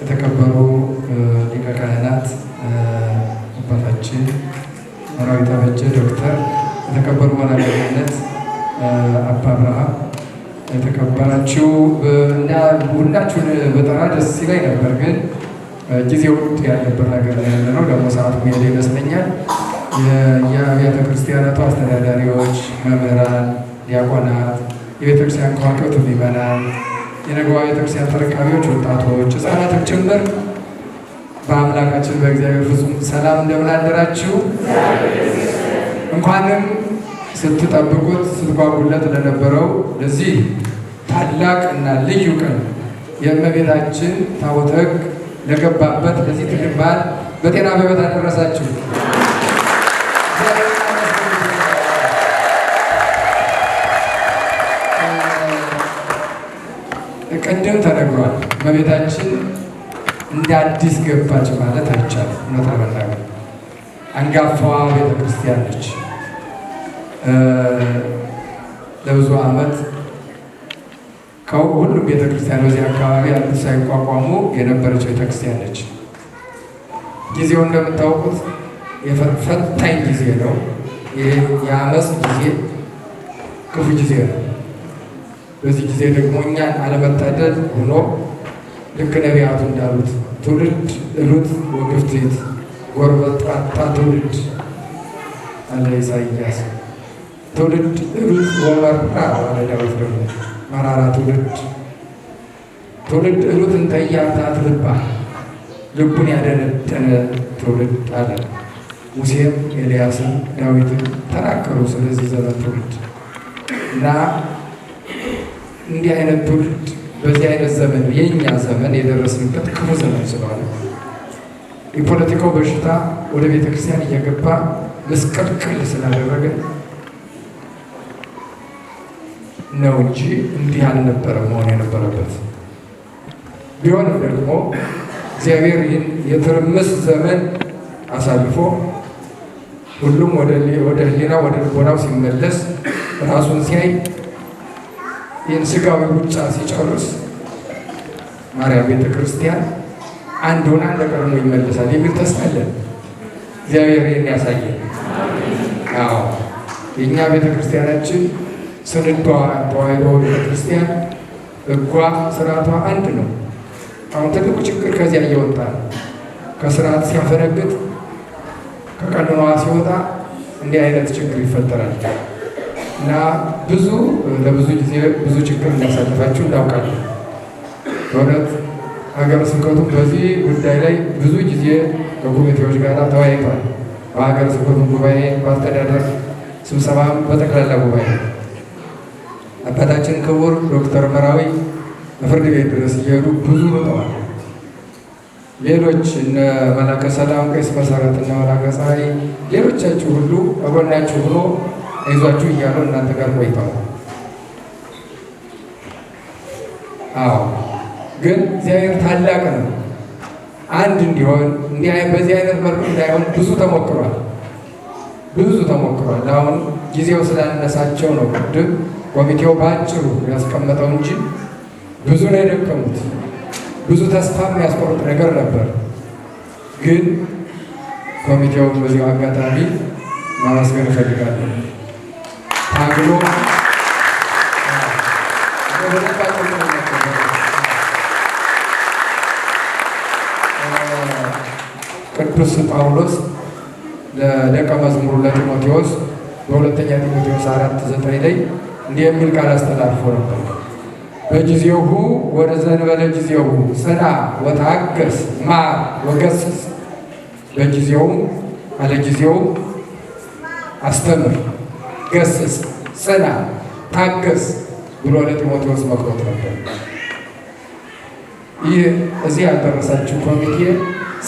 የተከበሩ ሊቀ ካህናት አባታችን መራዊ ተበጀ ዶክተር፣ የተከበሩ መናገርነት አባ አብርሃም፣ የተከበራችሁ እና ሁላችሁን በጠራ ደስ ሲላይ ነበር፣ ግን ጊዜው ያለበት ነገር ያለ ነው። ደግሞ ሰዓቱ ያለ ይመስለኛል። የአብያተ ክርስቲያናቱ አስተዳዳሪዎች፣ መምህራን፣ ዲያቆናት፣ የቤተክርስቲያን ከዋክብት ምዕመናን የነገዋ ቤተክርስቲያን ተረካቢዎች ወጣቶች፣ ህጻናትም ጭምር በአምላካችን በእግዚአብሔር ፍጹም ሰላም እንደምን አደራችሁ። እንኳንም ስትጠብቁት ስትጓጉለት ለነበረው ለዚህ ታላቅ እና ልዩ ቀን የእመቤታችን ታቦተ ሕግ ለገባበት ለዚህ ትልቅ በዓል በጤና በሕይወት አደረሳችሁ። ቅድም ተነግሯል። እመቤታችን እንደ አዲስ ገባች ማለት አይቻልም። እውነት ለመናገር አንጋፋዋ ቤተክርስቲያን ነች። ለብዙ ዓመት ከሁሉም ቤተክርስቲያን በዚህ አካባቢ ያሉ ሳይቋቋሙ የነበረች ቤተክርስቲያን ነች። ጊዜው እንደምታውቁት የፈታኝ ጊዜ ነው። የአመፅ ጊዜ ክፉ ጊዜ ነው። በዚህ ጊዜ ደግሞ እኛን አለመታደል ሆኖ ልክ ነቢያቱ እንዳሉት ትውልድ እሉት ወግፍትት ጎርበጣጣ ትውልድ አለ ኢሳይያስ። ትውልድ እሉት ወመራ አለ ዳዊት ደግሞ መራራ ትውልድ ትውልድ እሉት እንተያታ ትልባ ልቡን ያደነደነ ትውልድ አለ። ሙሴም ኤልያስን ዳዊትን ተናገሩ ስለዚህ ዘመን ትውልድ እና እንዲህ አይነት ትውልድ በዚህ አይነት ዘመን የእኛ ዘመን የደረስንበት ክፉ ዘመን ስለሆነ የፖለቲካው በሽታ ወደ ቤተ ክርስቲያን እየገባ መስቀልቅል ስላደረገ ነው እንጂ እንዲህ አልነበረ መሆን የነበረበት። ቢሆንም ደግሞ እግዚአብሔር ይህን የትርምስ ዘመን አሳልፎ ሁሉም ወደ ሕሊና ወደ ልቦናው ሲመለስ ራሱን ሲያይ ይህን ስጋዊ ሩጫ ሲጨርስ ማርያም ቤተ ክርስቲያን አንድ ሆና ለቀርሞ ይመለሳል የሚል ተስፋ አለን። እግዚአብሔር ይህን ያሳየን። አዎ የእኛ ቤተ ክርስቲያናችን ስንዷ ተዋሕዶ ቤተ ክርስቲያን ሕጓ ስርዓቷ አንድ ነው። አሁን ትልቁ ችግር ከዚያ እየወጣ ነው። ከስርዓት ሲያፈነግጥ ከቀኖና ሲወጣ እንዲህ አይነት ችግር ይፈጠራል። እና ብዙ ለብዙ ጊዜ ብዙ ችግር እንዳሳልፋችሁ እንዳውቃለሁ። በእውነት ሀገረ ስብከቱ በዚህ ጉዳይ ላይ ብዙ ጊዜ ከኮሚቴዎች ጋር ተወያይቷል። በሀገረ ስብከቱ ጉባኤ፣ በአስተዳደር ስብሰባም፣ በጠቅላላ ጉባኤ አባታችን ክቡር ዶክተር መራዊ ፍርድ ቤት ድረስ እየሄዱ ብዙ ሮጠዋል። ሌሎች እነ መላከ ሰላም ቀሲስ መሰረት እና መላከ ፀሐይ ሌሎቻችሁ ሁሉ አጎናችሁ ብሎ አይዟችሁ እያሉ እናንተ ጋር ቆይተው አዎ ግን እግዚአብሔር ታላቅ ነው። አንድ እንዲሆን እንዲህ በዚህ አይነት መልኩ እንዳይሆን ብዙ ተሞክሯል፣ ብዙ ተሞክሯል። አሁን ጊዜው ስላነሳቸው ነው ቅድም ኮሚቴው በአጭሩ ያስቀመጠው እንጂ ብዙ ነው የደከሙት። ብዙ ተስፋ የሚያስቆርጥ ነገር ነበር። ግን ኮሚቴው በዚ አጋጣሚ ማመስገን እፈልጋለሁ። ታግሎ ቅዱስ ጳውሎስ ለደቀ መዝሙሩ ለጢሞቴዎስ በሁለተኛ ጢሞቴዎስ አራት ዘጠኝ ላይ እንዲህ የሚል ቃል አስተላልፎ ነበር። በጊዜሁ ወደዘንበለ ጊዜሁ ሰና ወታገስ ማር ወገስስ በጊዜውም አለጊዜውም አስተምር ገስስ፣ ጽና፣ ታገስ ብሎ ለጢሞቴዎስ መክሮት ነበር። ይህ እዚህ ያልደረሳችሁ ኮሚቴ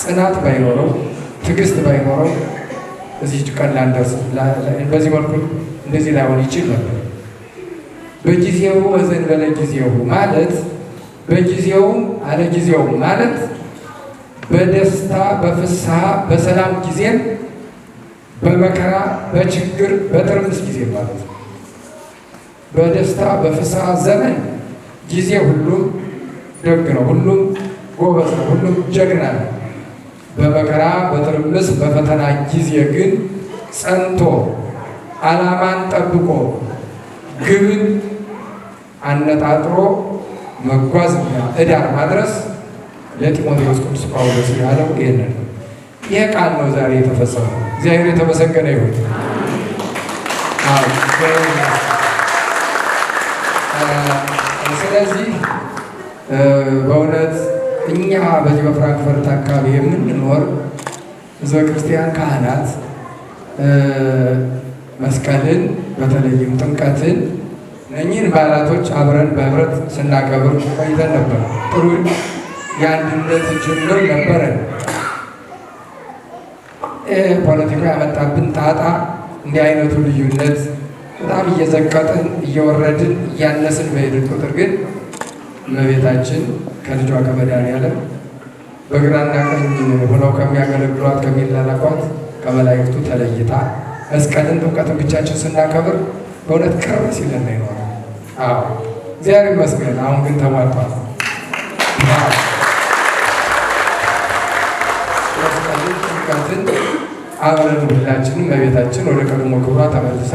ጽናት ባይኖረው ትዕግስት ባይኖረው እዚህ ቀን ላንደርስ በዚህ መልኩ እንደዚህ ላይሆን ይችል ነበር። በጊዜው እዘን በለ ጊዜው ማለት በጊዜውም አለ ማለት በደስታ በፍስሐ በሰላም ጊዜን በመከራ በችግር በትርምስ ጊዜ ማለት ነው። በደስታ በፍስሐ ዘመን ጊዜ ሁሉም ደግ ነው፣ ሁሉም ጎበዝ ነው፣ ሁሉም ጀግና ነው። በመከራ በትርምስ በፈተና ጊዜ ግን ጸንቶ ዓላማን ጠብቆ ግብን አነጣጥሮ መጓዝና እዳር ማድረስ ለጢሞቴዎስ ቅዱስ ጳውሎስ ያለው ይህንን ይህ ቃል ነው ዛሬ የተፈጸመው። እግዚአብሔር የተመሰገነ ይሁን። ስለዚህ በእውነት እኛ በዚህ በፍራንክፈርት አካባቢ የምንኖር ህዝበ ክርስቲያን ካህናት መስቀልን በተለይም ጥምቀትን እነኚህን በዓላቶች አብረን በህብረት ስናከብር ቆይተን ነበር። ጥሩ የአንድነት ጅምር ነበረን። ፖለቲካ ያመጣብን ጣጣ እንዲህ አይነቱ ልዩነት በጣም እየዘቀጥን እየወረድን እያነስን በሄድን ቁጥር ግን እመቤታችን ከልጇ ከመድኃኒዓለም በግራና ቀኝ ሆነው ከሚያገለግሏት ከሚላላኳት ከመላእክቱ ተለይታ መስቀልን ጥምቀትን ብቻችን ስናከብር በእውነት ቅር ሲለን ይኖረ። አዎ እግዚአብሔር ይመስገን። አሁን ግን ተሟልቷል። ጥምቀትን አብረን ሁላችንም በቤታችን ወደ ቀድሞ ክብሯ ተመልሳ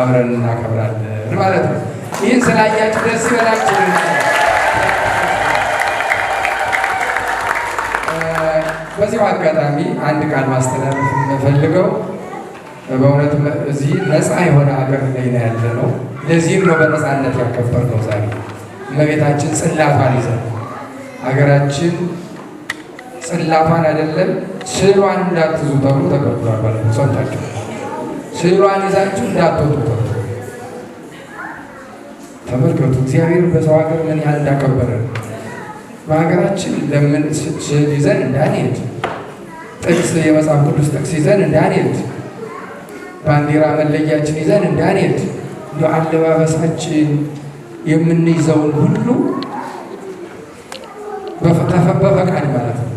አብረን እናከብራለን ማለት ነው። ይህን ስላያችሁ ደስ ይበላችሁ። በዚሁ አጋጣሚ አንድ ቃል ማስተላለፍ የምፈልገው በእውነት እዚህ ነፃ የሆነ አገር ላይ ነው ያለ ነው። ለዚህም ነው በነፃነት ያከበር ነው ዛሬ እመቤታችን ጽላቷን ይዘን ሀገራችን ጽላቷን አይደለም ስዕሏን እንዳትዙ ተብሎ ተገብቷል። ባለፈው ሰምታችሁ ስዕሏን ይዛችሁ እንዳትወጡ ተብሎ ተመልከቱ። እግዚአብሔር በሰው ሀገር ምን ያህል እንዳከበረ በሀገራችን ለምን ስዕል ይዘን እንዳንሄድ ጥቅስ የመጽሐፍ ቅዱስ ጥቅስ ይዘን እንዳንሄድ ባንዲራ መለያችን ይዘን እንዳንሄድ አለባበሳችን የምንይዘውን ሁሉ በፈቃድ ማለት ነው።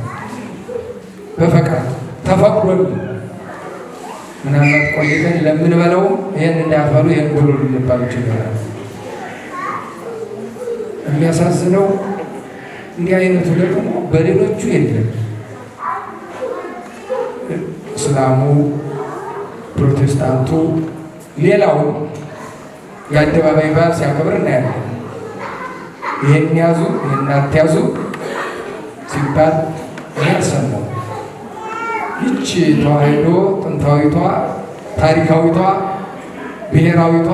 በፈቃድ ተፈቅዶል። ምናልባት ቆይተን ለምንበለው ይህን እንዳያፈሉ ይህን ብሉ ልንባል ይችላል። የሚያሳዝነው እንዲህ አይነቱ ደግሞ በሌሎቹ የለም። እስላሙ፣ ፕሮቴስታንቱ፣ ሌላው የአደባባይ በዓል ሲያከብር እናያለን። ይህን ያዙ ይህን አትያዙ ሲባል ይህ ይቺ ተዋህዶ ጥንታዊቷ ታሪካዊቷ ብሔራዊቷ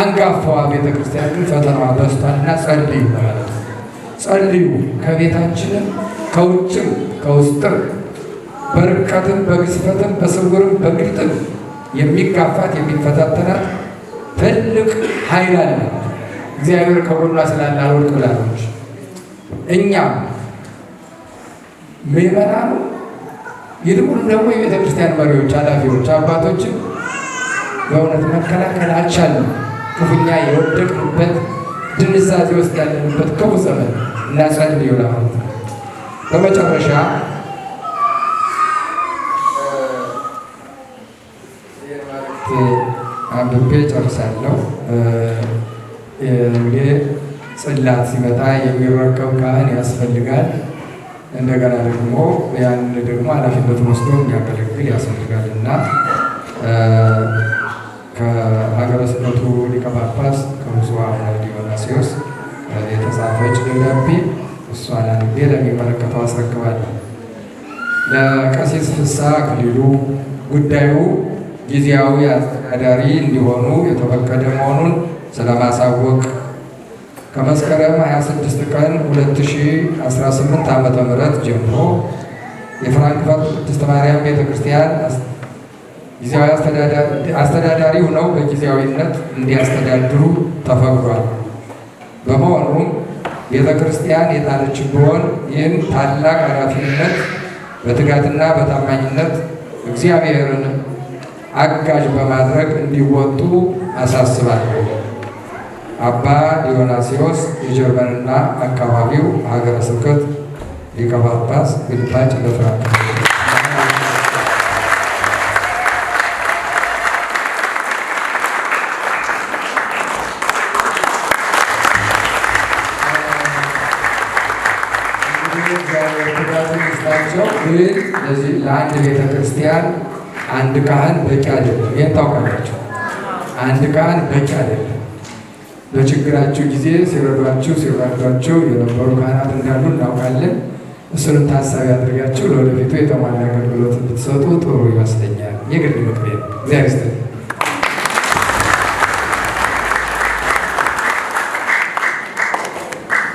አንጋፋዋ ቤተ ክርስቲያን ግን ፈተናዋ በስቷልና ጸልዩ ማለት ጸልዩ ከቤታችንም ከውጭም ከውስጥም በርቀትም በግዝፈትም በስውርም በግልጥም የሚጋፋት የሚፈታተናት ትልቅ ኃይል አለ። እግዚአብሔር ከጎኗ ስላለ አልወድቅ ብላለች። እኛም ምዕመናኑ ይልቁን ደግሞ የቤተ ክርስቲያን መሪዎች፣ ኃላፊዎች፣ አባቶችን በእውነት መከላከል አልቻለም። ክፉኛ የወደቅንበት ድንዛዜ ውስጥ ያለንበት ክፉ ዘመን እናጸድ ይውላ ማለት ነው። በመጨረሻ አንብቤ ጨርሳለሁ። እንግዲህ ጽላት ሲመጣ የሚረከብ ካህን ያስፈልጋል። እንደገና ደግሞ ያን ደግሞ ኃላፊነቱን ወስዶ እንዲያገለግል ያስፈልጋል እና ከሀገረ ስብከቱ ሊቀ ጳጳስ ከብፁዕ አቡነ ዲዮናስዮስ የተጻፈች ደብዳቤ እሷን አንቤ ለሚመለከተው አስረክባለሁ። ለቀሲስ ፍስሐ አክሊሉ ጉዳዩ ጊዜያዊ አስተዳዳሪ እንዲሆኑ የተፈቀደ መሆኑን ስለማሳወቅ ከመስከረም 26 ቀን 2018 ዓ.ም ጀምሮ የፍራንክፈርት ቅድስት ማርያም ቤተ ክርስቲያን ጊዜያዊ አስተዳዳሪ ሆነው በጊዜያዊነት እንዲያስተዳድሩ ተፈቅዷል። በመሆኑም ቤተ ክርስቲያን የጣለችብን ይህን ታላቅ ኃላፊነት በትጋትና በታማኝነት እግዚአብሔርን አጋዥ በማድረግ እንዲወጡ አሳስባለሁ። አባ ዲዮናሲዎስ የጀርመንና አካባቢው ሀገረ ስብከት ሊቀ ጳጳስ ግልባጭ ለፍራንክ ግን ለዚህ ለአንድ ቤተ ክርስቲያን አንድ ካህን በቂ አይደለም። ይህን ታውቃላችሁ። አንድ ካህን በቂ አይደለም። በችግራችሁ ጊዜ ሲረዷችሁ ሲረዷቸው የነበሩ ካህናት እንዳሉ እናውቃለን። እሱንም ታሳቢ አድርጋችሁ ለወደፊቱ የተሟላ አገልግሎት እንድትሰጡ ጥሩ ይመስለኛል። የግል ምክሬ እግዚአብሔር